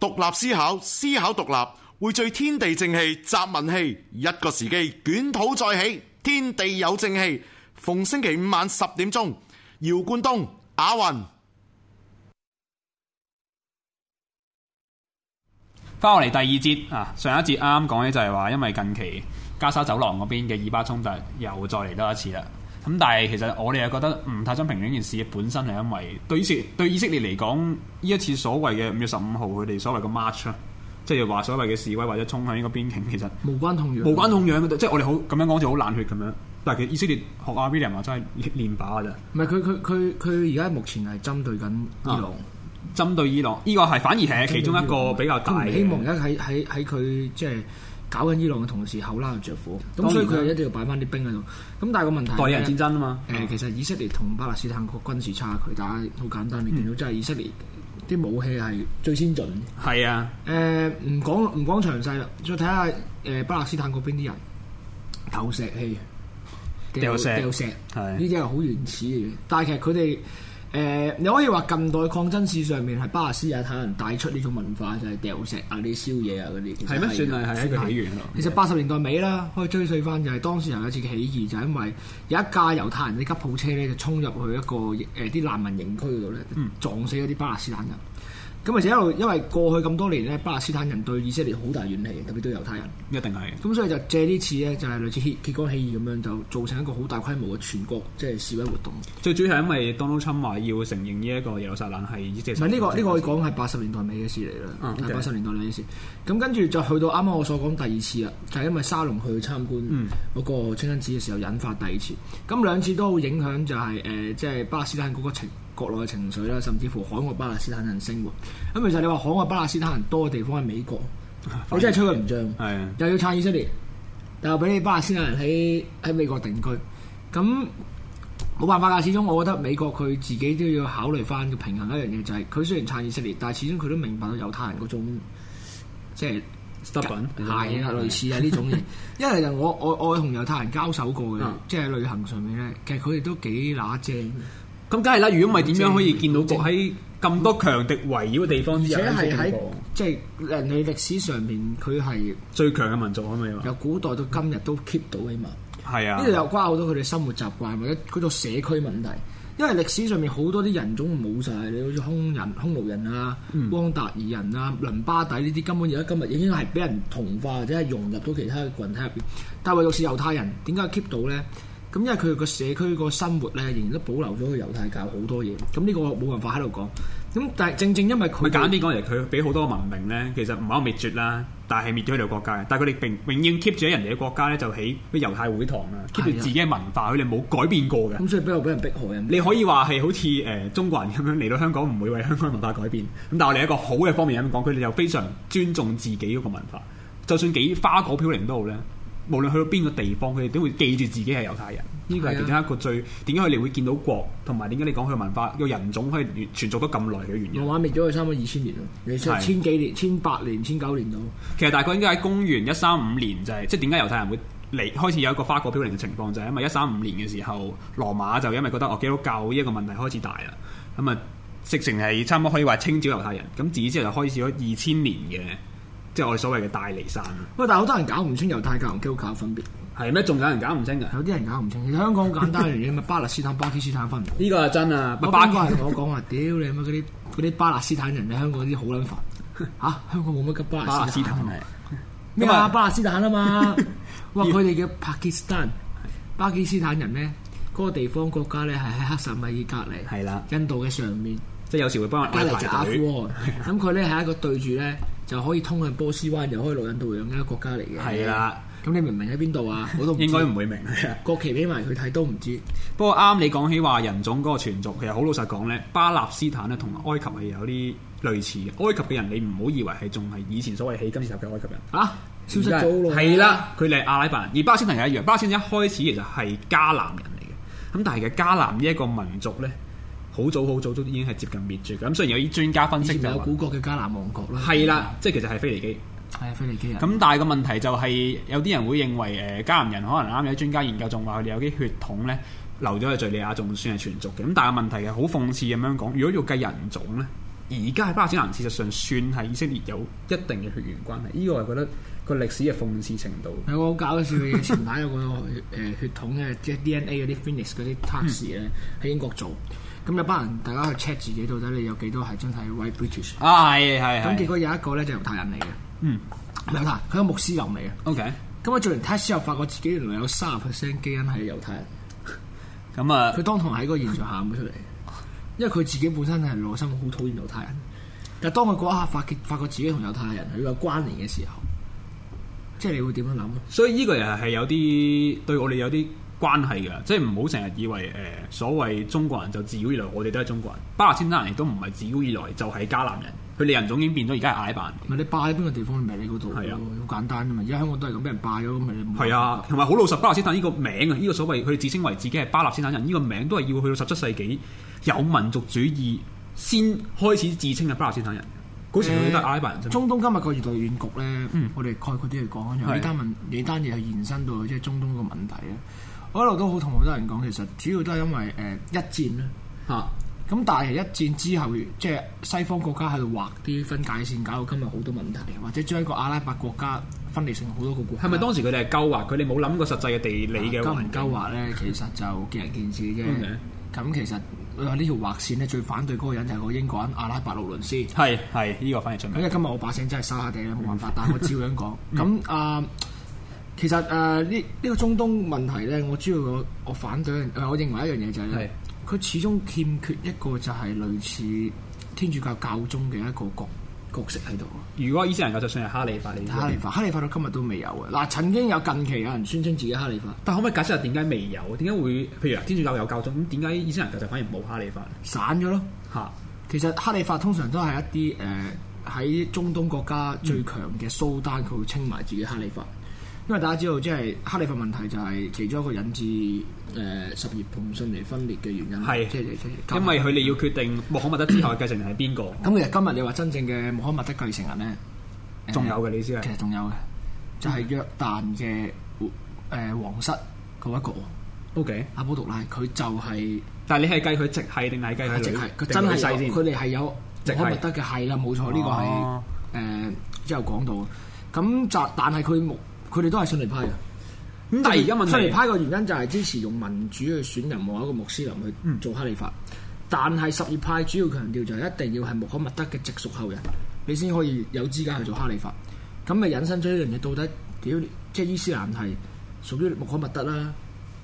獨立思考，思考獨立，匯聚天地正氣，集文氣，一個時機，捲土再起，天地有正氣。逢星期五晚十點鐘，姚冠東、阿雲，翻落嚟第二節啊！上一節啱啱講嘅就係話，因為近期加沙走廊嗰邊嘅以巴衝突又再嚟多一次啦。咁但係其實我哋又覺得唔太公平，呢件事嘅本身係因為對，對以色列，以色列嚟講，呢一次所謂嘅五月十五號佢哋所謂嘅 March 啦，即係話所謂嘅示威或者衝向呢個邊境，其實無關痛無關痛癢嘅，即係我哋好咁樣講好似好冷血咁樣。但係其實以色列學阿 William 話真係練靶嘅啫。唔係佢佢佢，佢而家目前係針對緊伊朗，啊、針對伊朗呢、呢個係反而係其中一個比較大嘅希望在，在。而家喺喺喺佢即係。搞緊伊朗嘅同時，考拉又着火。咁然所以佢又一定要擺翻啲兵喺度。咁但係個問題代理人戰爭啊嘛。誒、呃，其實以色列同巴勒斯坦個軍事差距，大家好簡單、嗯、你見到真係以色列啲武器係最先進。係啊、嗯。誒、呃，唔講唔講詳細啦。再睇下誒巴勒斯坦嗰邊啲人投石器，掉石掉石，呢啲係好原始嘅。但係其實佢哋誒、呃、你可以話近代抗爭史上面係巴勒斯坦人帶出呢種文化就係、是、掉石啊、啲燒嘢啊嗰啲，係咩算係係一個起源咯？其實八十年代尾啦，可以追溯返就係、是、當時有一次嘅起義，就是、因為有一架猶太人嘅吉普車咧就衝入去一個誒啲、呃、難民營區度咧，撞死一啲巴勒斯坦人。嗯咁咪就一路，因為過去咁多年咧，巴勒斯坦人對以色列好大怨氣，特別對猶太人，一定係。咁所以就借次呢次咧，就係、是、類似揭光竿起義咁樣，就造成一個好大規模嘅全國即係示威活動。最主要係因為 Donald Trump 話要承認呢一個耶路撒冷係。唔係呢個呢個，可以講係八十年代尾嘅事嚟啦，八十、嗯 okay. 年代尾嘅事。咁跟住就去到啱啱我所講第二次啦，就係、是、因為沙龍去參觀嗰個清真寺嘅時候引發第二次。咁、嗯、兩次都好影響、就是呃，就係誒，即係巴勒斯坦嗰個情。國內嘅情緒啦，甚至乎海外巴勒斯坦人生活。咁其實你話海外巴勒斯坦人多嘅地方係美國，我真係吹佢唔漲，嘛又要撐以色列，但又俾你巴勒斯坦人喺喺美國定居。咁、啊、冇辦法㗎，始終我覺得美國佢自己都要考慮翻個平衡一樣嘢，就係佢雖然撐以色列，但係始終佢都明白到猶太人嗰種即係 stubborn，類似啊呢種嘢。一係 我我我同猶太人交手過嘅，即係旅行上面咧，其實佢哋都幾乸正。咁梗係啦！如果唔係點樣可以見到喺咁多強敵圍繞嘅地方之下，而係即係、就是、人類歷史上面佢係最強嘅民族啊嘛！由古代到今日都 keep 到啊嘛！係啊！呢度又關好多佢哋生活習慣或者嗰個社區問題。因為歷史上面好多啲人種冇晒，你好似匈人、匈奴人啊、嗯、汪達爾人啊、倫巴底呢啲，根本而家今日已經係俾人同化或者係融入到其他嘅群體入邊。但係唯獨係猶太人，點解 keep 到咧？因為佢個社區個生活咧，仍然都保留咗個猶太教好多嘢。咁呢個冇辦法喺度講。咁但係正正因為佢簡單啲講，嚟佢俾好多文明咧，其實唔係話滅絕啦，但係滅咗佢哋國家。但係佢哋永永遠 keep 住喺人哋嘅國家咧，就起咩猶太會堂啊，keep 住自己嘅文化，佢哋冇改變過嘅。咁所以比較俾人逼害人。你可以話係好似誒中國人咁樣嚟到香港，唔會為香港文化改變。咁但係我哋一個好嘅方面咁講，佢哋又非常尊重自己嗰個文化，就算幾花果飄零都好咧。無論去到邊個地方，佢哋都會記住自己係猶太人。呢個係其中一個最點解佢哋會見到國同埋點解你講佢文化個人種可以存續咗咁耐嘅原因。羅馬滅咗佢差唔多二千年咯，你成的千幾年、千八年、千九年到。其實大概應該喺公元一三五年就係、是，即係點解猶太人會嚟開始有一個花果飄零嘅情況，就係、是、因為一三五年嘅時候羅馬就因為覺得我、哦、基督教呢一個問題開始大啦，咁啊直情係差唔多可以話清剿猶太人。咁自此之後就開始咗二千年嘅。即係我哋所謂嘅大尼山。喂，但係好多人搞唔清猶太教同基督教分別。係咩？仲有人搞唔清嘅？有啲人搞唔清。香港好簡單嘅一樣嘢，咪巴勒斯坦、巴基斯坦分唔同。呢個係真啊！巴啱啱有人同我講話，屌你乜嗰啲啲巴勒斯坦人喺香港啲好撚煩嚇。香港冇乜吉巴勒斯坦。咩啊？巴勒斯坦啊嘛。哇！佢哋叫巴基斯坦、巴基斯坦人咧，嗰個地方國家咧係喺喀什米爾隔離。係啦。印度嘅上面，即係有時會幫我拉隊。咁佢咧係一個對住咧。就可以通向波斯灣，又可以路印度。其他國家嚟嘅。係啦的，咁你明唔明喺邊度啊？我都 應該唔會明。 國旗俾埋佢睇都唔知。 不過啱你講起話人種嗰個傳俗，其實好老實講咧，巴勒斯坦咧同埃及係有啲類似嘅。埃及嘅人你唔好以為係仲係以前所謂起金字塔嘅埃及人啊，消失咗咯、哦。係啦，佢哋係阿拉伯人，而巴勒斯坦一樣。巴勒斯坦一開始其實係迦南人嚟嘅，咁但係其實迦南呢一個民族咧。好早好早都已經係接近滅絕咁、嗯、雖然有啲專家分析就有古國嘅迦南大國啦，係啦，即係其實係腓尼基。係啊，腓尼基。啊。咁但係個問題就係、是、有啲人會認為誒迦南人可能啱，有啲專家研究仲話佢哋有啲血統咧留咗喺敍利亞，仲算係存族嘅。咁但係問題嘅好諷刺咁樣講，如果要計人種咧，而家喺巴勒斯坦事實上算係以色列有一定嘅血緣關係。呢、這個我覺得個歷史嘅諷刺程度係、嗯、我好搞笑嘅前排有個誒血統咧，即係 D N A 嗰啲 Finis 嗰啲測試咧喺英國做。咁有班人，大家去 check 自己到底你有幾多係真係 White、right、British 啊！係係。咁結果有一個咧就係、猶太人嚟嘅。嗯，猶太，佢個牧師又嚟嘅。OK。咁佢做完 test 之後，發覺自己原來有三十 percent 基因係猶太人。咁啊、嗯，佢當堂喺個現場喊咗出嚟，嗯、因為佢自己本身係內心好討厭猶太人，但當佢嗰一刻發、發覺發自己同猶太人有個關聯嘅時候，即係你會點樣諗？所以呢個人係有啲對我哋有啲。關係嘅，即係唔好成日以為誒、呃、所謂中國人就自古以來我哋都係中國人，巴勒斯坦人亦都唔係自古以來就係、是、迦南人，佢哋人種已經變咗，而家係阿拉伯人。唔係你拜喺邊個地方，咪你嗰度係啊，好簡單噶嘛，而家香港都係咁俾人拜咗。咁咪係啊，同埋好老實，巴勒斯坦呢個名啊，呢、這個所謂佢自稱為自己係巴勒斯坦人呢、這個名，都係要去到十七世紀有民族主義先開始自稱係巴勒斯坦人。嗰時佢都係阿拉伯人、欸。中東今日個現代亂局咧，嗯、我哋概括啲嚟講，呢單問，呢單嘢係延伸到即係中東個問題咧。我一路都好同好多人講，其實主要都係因為誒、呃、一戰咧嚇，咁、啊、但係一戰之後，即係西方國家喺度畫啲分界線，搞到今日好多問題，或者將一個阿拉伯國家分裂成好多個國家。係咪當時佢哋係勾畫？佢哋冇諗過實際嘅地理嘅、啊、勾唔勾畫咧，其實就見仁見智嘅。咁 Okay. 其實呢、呃、條畫線咧，最反對嗰個人就係個英國人阿拉伯勞倫斯。係係，呢、這個反而最出名。因為今日我把聲真係沙沙地啦，冇辦法，嗯、但係我照樣講。咁啊。其實誒呢呢個中東問題咧，我主要我，我反對，誒、呃，我認為一樣嘢就係、是、佢是始終欠缺一個就係類似天主教教宗嘅一個角色喺度。如果伊斯蘭教就算係哈利法，哈利法，哈利法，到今日都未有嘅嗱、呃。曾經有近期有人宣稱自己哈利法，但可唔可以解釋下點解未有？點解會譬如天主教有教宗咁，點解伊斯蘭教就反而冇哈利法？散咗咯。嚇， 其實哈利法通常都係一啲誒喺中東國家最強嘅蘇丹，佢會稱埋自己哈利法。因為大家知道，即係哈里發問題就係其中一個引致誒什葉同遜尼分裂嘅原因。係，因為佢哋要決定穆罕默德之後繼承人係邊個。咁其實今日你話真正嘅穆罕默德繼承人咧，仲有嘅，你知啊？其實仲有嘅，就係約旦嘅誒皇室嗰一個。O K，阿卜杜拉，佢就係。但係你係計佢直係定係計佢直係？佢真係細添。佢哋係有穆罕默德嘅，係啦，冇錯，呢個係誒之後講到。咁但係佢佢哋都係遜尼派嘅，咁但係而家問題，遜尼派嘅原因就係支持用民主去選人，或一個穆斯林去做哈里法。嗯、但係什葉派主要強調就係一定要係穆罕默德嘅直屬後人，嗯、你先可以有資格去做哈里法。咁咪引申出一樣嘢，到底屌即係伊斯蘭係屬於穆罕默德啦、啊，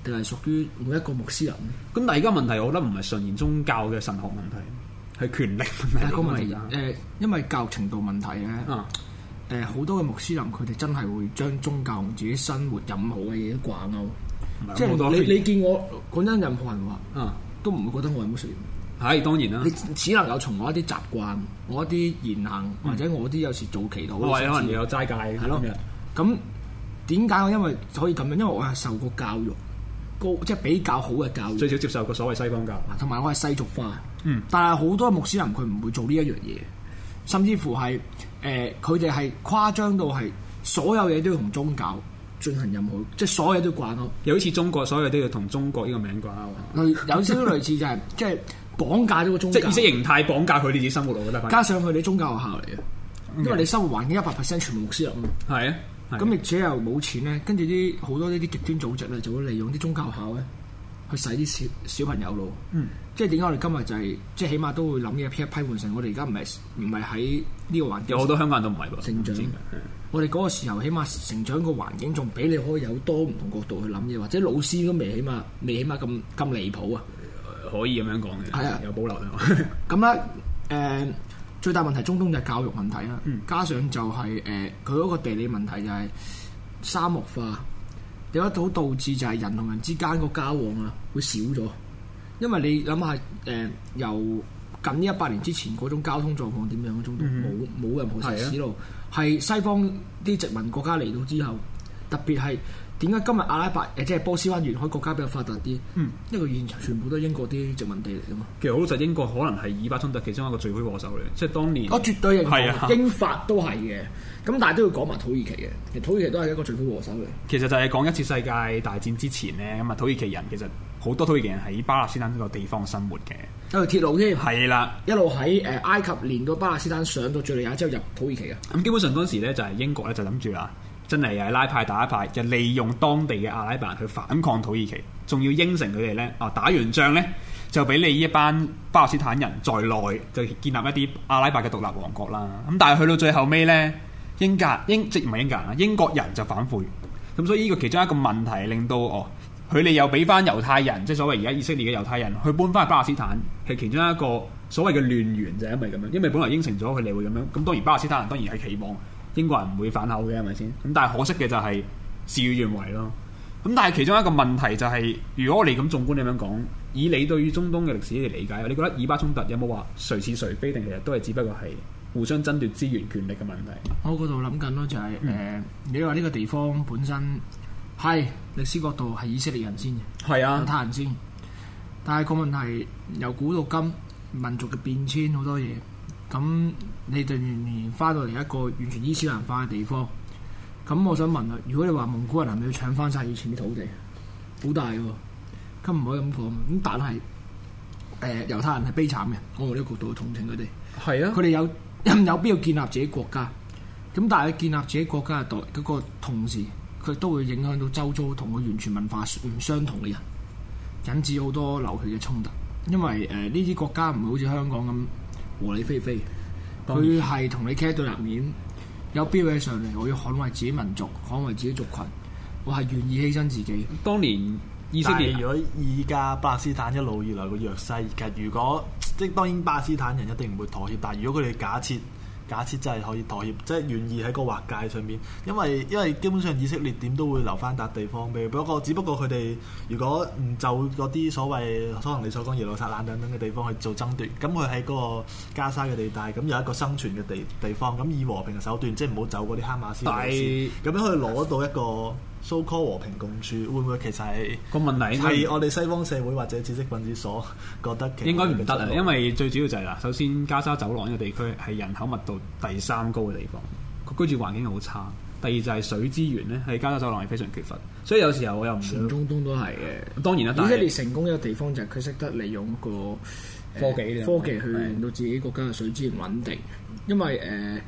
定係屬於每一個穆斯林，但咁而家問題，我覺得唔係純然宗教嘅神學問題，係權力問題，但個問題、啊。誒，因為教育程度問題咧。啊啊誒好多嘅穆斯林佢哋真係會將宗教同自己生活飲好嘅嘢掛鈎，即係你你見我講真，任何人話啊，都唔會覺得我係冇信仰。係當然啦，你只能夠從我一啲習慣，我一啲言行，或者我啲有時做祈禱。我可能有齋戒。係咯，咁點解我因為可以咁樣？因為我係受過教育，高即係比較好嘅教育，最少接受過所謂西方教。同埋我係世俗化，但係好多穆斯林佢唔會做呢一樣嘢。甚至乎係，誒佢哋係誇張到係所有嘢都要同宗教進行任何，即係所有嘢都掛鈎。又好似中國所有嘢都要同中國呢個名掛鈎。類有少少類似就係、是，即係 綁架咗個宗教，即係意識形態綁架佢哋自己生活咯。加上佢哋宗教學校嚟嘅，Okay. 因為你生活環境一百 percent 全部牧師入啊嘛。係啊，咁而且又冇錢咧，跟住啲好多呢啲極端組織咧就會利用啲宗教學校咧。去洗啲小小朋友咯、嗯就是，即係點解我哋今日就係即係起碼都會諗嘢批批換成，我哋而家唔係唔係喺呢個環境，有好多香港人都唔係噃成長。嗯、我哋嗰個時候起碼成長個環境仲比你可以有多唔同角度去諗嘢，或者老師都未起碼未起碼咁咁離譜啊，可以咁樣講嘅。係啊，有保留。咁咧誒，最大問題中東就係教育問題啦，嗯、加上就係誒佢嗰個地理問題就係沙漠化。有一套導致就係人同人之間個交往啊，會少咗。因為你諗下，誒、呃、由近呢一百年之前嗰種交通狀況點樣嗰種都冇冇、mm hmm. 任何歷史咯。係的西方啲殖民國家嚟到之後，mm hmm. 特別係。點解今日阿拉伯誒，即係波斯灣沿海國家比較發達啲？嗯，因為完全全部都係英國啲殖民地嚟噶嘛。其實好就英國可能係以巴衝突其中一個罪魁禍首嚟，即係當年。我、哦、絕對係，的英法都係嘅。咁但係都要講埋土耳其嘅，其實土耳其都係一個罪魁禍首嚟。其實就係講一次世界大戰之前咧，咁啊土耳其人其實好多土耳其人喺巴勒斯坦呢個地方生活嘅。有條鐵路添，係啦，的一路喺誒埃及連到巴勒斯坦，上到敘利亞之後入土耳其嘅。咁基本上嗰時咧就係英國咧就諗住啦。真係係拉派打一派，就利用當地嘅阿拉伯人去反抗土耳其，仲要應承佢哋呢，哦、啊，打完仗呢，就俾你依一班巴勒斯坦人在內就建立一啲阿拉伯嘅獨立王國啦。咁、嗯、但係去到最後尾呢，英格英即唔係英格蘭啊，英國人就反悔。咁所以呢個其中一個問題，令到哦，佢哋又俾翻猶太人，即係所謂而家以色列嘅猶太人去搬翻去巴勒斯坦，係其中一個所謂嘅亂源就係、是、因為咁樣，因為本來應承咗佢哋會咁樣。咁當然巴勒斯坦人當然係期望。英國人唔會反口嘅，係咪先？咁但係可惜嘅就係事與願違咯。咁但係其中一個問題就係、是，如果你咁縱觀你咁樣講，以你對中東嘅歷史嚟理解，你覺得以巴衝突有冇話誰是誰非定係都係只不過係互相爭奪資源權力嘅問題？我嗰度諗緊咯，就係誒，你話呢個地方本身係歷史角度係以色列人先嘅，係是啊，猶太人先。但係個問題由古到今民族嘅變遷好多嘢。咁你突然翻到嚟一個完全伊斯蘭化嘅地方，咁我想問啊，如果你話蒙古人係咪要搶翻晒以前啲土地，好大喎，咁唔可以咁講。咁但係誒、呃、猶太人係悲慘嘅，我呢個角度同情佢哋。係啊，佢哋有、呃、有必要建立自己國家。咁但係建立自己國家嘅代嗰個同時，佢都會影響到周遭同佢完全文化唔相同嘅人，引致好多流血嘅衝突。因為誒呢啲國家唔會好似香港咁。嗯和理非非，佢係同你傾到入面，有標位上嚟，我要捍衞自己民族，捍衞自己族群，我係願意犧牲自己。當年以色列如果依家巴勒斯坦一路以來個弱勢，其實如果即當然巴勒斯坦人一定唔會妥協，但係如果佢哋假設。假設真係可以妥協，即係願意喺個畫界上面，因為因為基本上以色列點都會留翻笪地方俾，不過只不過佢哋如果唔就嗰啲所謂，可能你所講耶路撒冷等等嘅地方去做爭奪，咁佢喺嗰個加沙嘅地帶，咁有一個生存嘅地地方，咁以和平嘅手段，即係唔好走嗰啲哈馬斯路線，咁樣可以攞到一個。so call 和平共處會唔會，其實係個問題係我哋西方社會或者知識分子所覺得嘅。應該唔得啦，因，因為最主要就係、是、啦，首先加沙走廊呢個地區係人口密度第三高嘅地方，個居住環境好差。第二就係水資源咧，喺加沙走廊係非常缺乏。所以有時候我又唔中東都係嘅，嗯、當然啦。以色列你成功一個地方就係佢識得利用個、呃、科技科技去令到自己國家嘅水資源穩定，因為誒。呃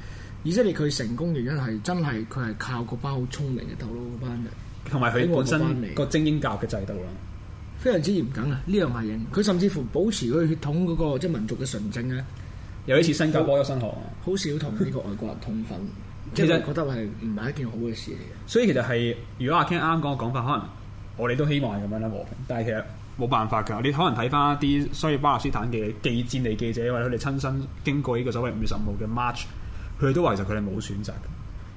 以色列佢成功原因係真係佢係靠嗰班好聰明嘅頭腦班人，同埋佢本身個精英教育嘅制度啦，非常之嚴謹啊！呢樣係認。佢甚至乎保持佢血統嗰個即係民族嘅純正咧。有一次新加坡優生學，好少同呢個外國人通婚，其實 覺得係唔係一件好嘅事嚟嘅。實所以其實係，如果阿 Ken 啱啱講嘅講法，可能我哋都希望係咁樣咧和平。但係其實冇辦法㗎，你可能睇翻啲所謂巴勒斯坦嘅記，戰地記者或者佢哋親身經過呢個所謂五月十五號嘅 March。佢哋都話其實佢哋冇選擇，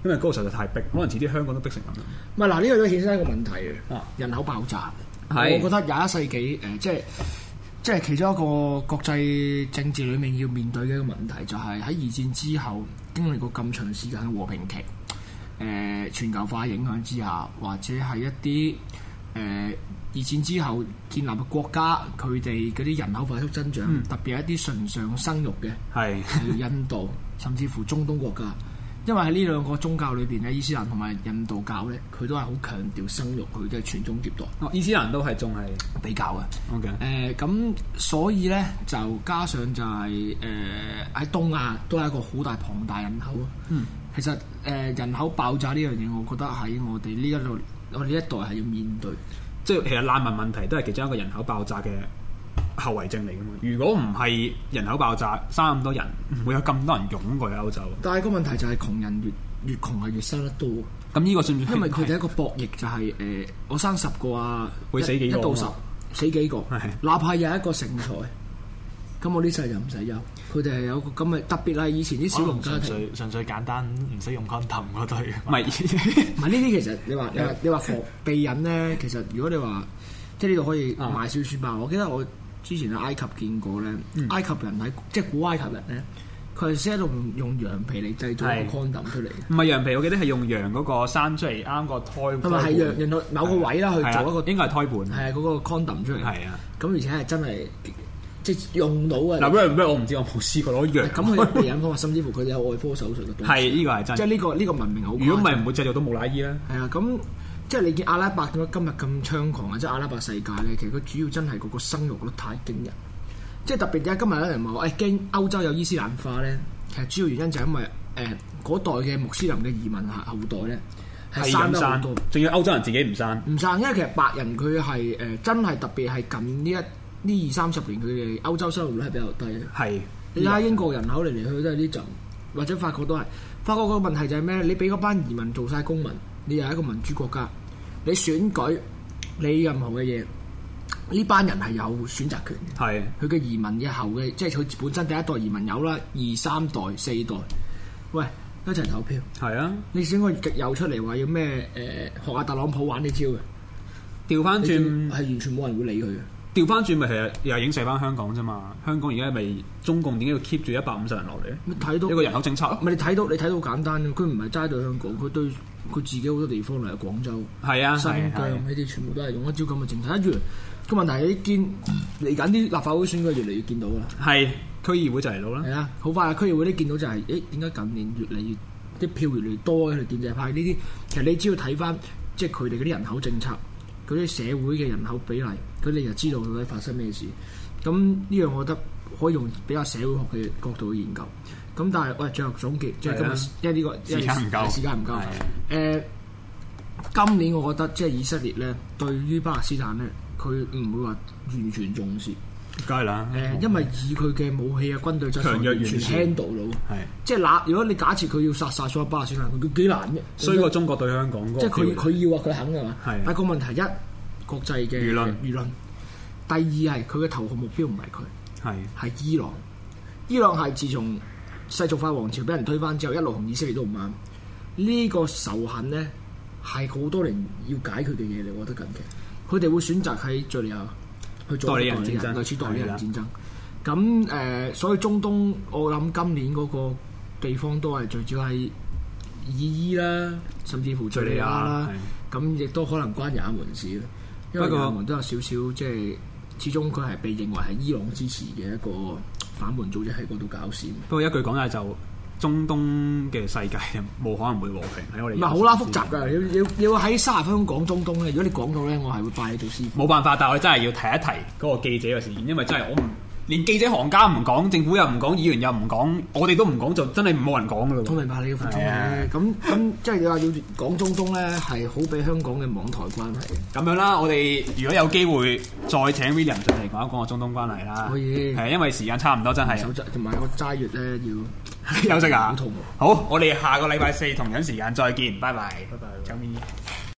因為嗰個實在太逼，可能遲啲香港都逼成咁。唔係嗱，呢個都顯示一個問題嘅，啊啊、人口爆炸。是我覺得廿一世紀誒、呃，即係即係其中一個國際政治裏面要面對嘅一個問題，就係喺二戰之後經歷過咁長時間嘅和平期，誒、呃、全球化影響之下，或者係一啲誒。呃二戰之後建立嘅國家，佢哋嗰啲人口快速增長，嗯、特別係一啲崇尚生育嘅，係是 印度，甚至乎中東國家。因為喺呢兩個宗教裏邊咧，伊斯蘭同埋印度教咧，佢都係好強調生育，佢嘅傳宗接代。伊斯蘭都係仲係比較嘅。OK、呃。誒，咁所以咧，就加上就係誒喺東亞都係一個好大龐大人口啊。嗯。其實誒、呃、人口爆炸呢樣嘢，我覺得喺我哋呢一度，我哋呢一代係要面對。即係其實難民問題都係其中一個人口爆炸嘅後遺症嚟㗎嘛。如果唔係人口爆炸，生咁多人，會有咁多人湧去歐洲。嗯、但係個問題就係窮人越越窮係越生得多。咁呢個算唔算？因為佢哋一個博弈就係、是、誒、呃，我生十個啊，會死幾多啊？到十，死幾個？ 哪怕有一個成才。咁我呢世就唔使憂，佢哋係有個咁嘅特別啦。以前啲小龍家純粹簡單，唔使用 condom 嗰對。唔係，唔係呢啲其實你話你話你話防避孕咧，其實如果你話即係呢度可以賣小説吧。我記得我之前喺埃及見過咧，埃及人喺即係古埃及人咧，佢係識喺度用羊皮嚟製造個 condom 出嚟。唔係羊皮，我記得係用羊嗰個生出嚟啱個胎盤。係咪係羊羊個某個位啦去做一個？應該係胎盤。係啊，嗰個 condom 出嚟。係啊。咁而且係真係。即係用到啊！嗱，咩咩我唔知，我冇試過攞藥。咁佢哋眼科甚至乎佢哋有外科手術嘅。係、 這個，呢個係真。即係呢個呢個文明好。如果唔係，唔會製造到木乃伊啦。係啊、嗯，咁即係你見阿拉伯點解今日咁猖狂啊？即係阿拉伯世界咧，其實佢主要真係嗰個生育率太驚人。即係特別而家今日有人話，誒驚、哎、歐洲有伊斯蘭化咧。其實主要原因就因為誒嗰、呃、代嘅穆斯林嘅移民後代咧係生得好多，仲要歐洲人自己唔生。唔生，因為其實白人佢係誒真係特別係近呢一。呢二三十年，佢哋歐洲收入率係比較低是。係你睇下英國人口嚟嚟去去都係呢浸，或者法國都係，法國個問題就係咩？你俾嗰班移民做晒公民，你又係一個民主國家，你選舉你任何嘅嘢，呢班人係有選擇權嘅。係佢嘅移民以後嘅，即係佢本身第一代移民有啦，二三代四代，喂一齊投票係啊。你先個極右出嚟話要咩？誒、呃、學下特朗普玩啲招嘅，調翻轉係完全冇人會理佢嘅。調翻轉咪其實又影射翻香港啫嘛，香港而家咪中共點解要 keep 住一百五十人落嚟咧？睇到呢個人口政策咯。唔係你睇到你睇到好簡單，佢唔係齋到香港，佢對佢自己好多地方嚟嘅，廣州係啊、新疆呢啲、啊啊、全部都係用一招咁嘅政策。跟住個問題，你見嚟緊啲立法會選舉越嚟越見到啦。係區議會就嚟到咯。係啊，好快啊！區議會都見到就係、是，誒點解近年越嚟越啲票越嚟越多嘅建制派呢啲？其實你只要睇翻即係佢哋嗰啲人口政策。嗰啲社會嘅人口比例，佢哋就知道到底發生咩事。咁呢樣我覺得可以用比較社會學嘅角度去研究。咁但係，喂、哎，最後總結即係今日，了因為呢、呢個時間唔夠，時間唔夠。誒了、呃，今年我覺得即係以色列咧，對於巴勒斯坦咧，佢唔會話完全重視。梗啦，誒、嗯，因為以佢嘅武器啊、軍隊質素，完全 handle 到，係的，即係嗱，如果你假設佢要殺曬所有巴勒斯坦佢幾難啫。衰過中國對香港即係佢佢要啊，佢肯係嘛？係的。但個問題一，國際嘅輿論輿論。第二係佢嘅頭號目標唔係佢，係係的伊朗。伊朗係自從世俗化王朝俾人推翻之後，一路同以色列都唔啱。呢、這個仇恨咧係好多人要解決嘅嘢，你我覺得近嘅？佢哋會選擇喺敍利亞。去做代理人戰爭，代理人戰爭，類似代理人戰爭。咁誒的、呃，所以中東我諗今年嗰個地方都係最主要係以伊、伊啦，甚至乎敘利亞啦。咁亦的都可能關也門事咧，因為不過也門都有少少即係，始終佢係被認為係伊朗支持嘅一個反叛組織喺嗰度搞事。不過一句講就。中東嘅世界冇可能會和平喺是我哋。唔係好啦，複雜噶，要要要喺三十分鐘講中東咧。如果你講到咧，我係會拜你做師傅。冇辦法，但係我真係要提一提嗰個記者嘅事件，因為真係我唔。連記者行家唔講，政府又唔講，議員又唔講，我哋都唔講，就真係冇人講噶咯。我明白你嘅意思。係咁咁即係你話要講中東咧，係好比香港嘅網台關係。咁樣啦，我哋如果有機會再請 William 出嚟講一講個中東關係啦。可以。係因為時間差唔多，真係。手術同埋個齋月咧要休息啊。好，我哋下個禮拜四同樣時間再見，拜拜。拜拜。